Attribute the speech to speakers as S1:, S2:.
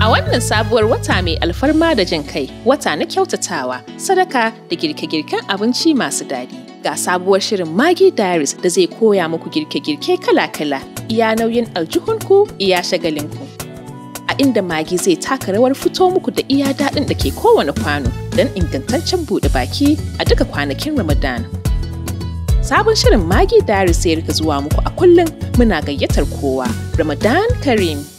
S1: A wannan sabuwar wata mai alfarma da jin kai, wata na kyautatawa, sadaka da girke-girken abinci masu daɗi. Ga sabuwar shirin Maggie Diaries da zai koya muku girke-girke kala-kala, iya nauyin aljihunku, iya shagalinku. A inda magi zai taka rawar fito muku da iya daɗin da ke kowane kwano don ingantaccen buɗe baki a duka kwanakin Ramadan. Sabon shirin Maggie Diaries sai rika zuwa muku a kullum muna gayyatar kowa. Ramadan Karim.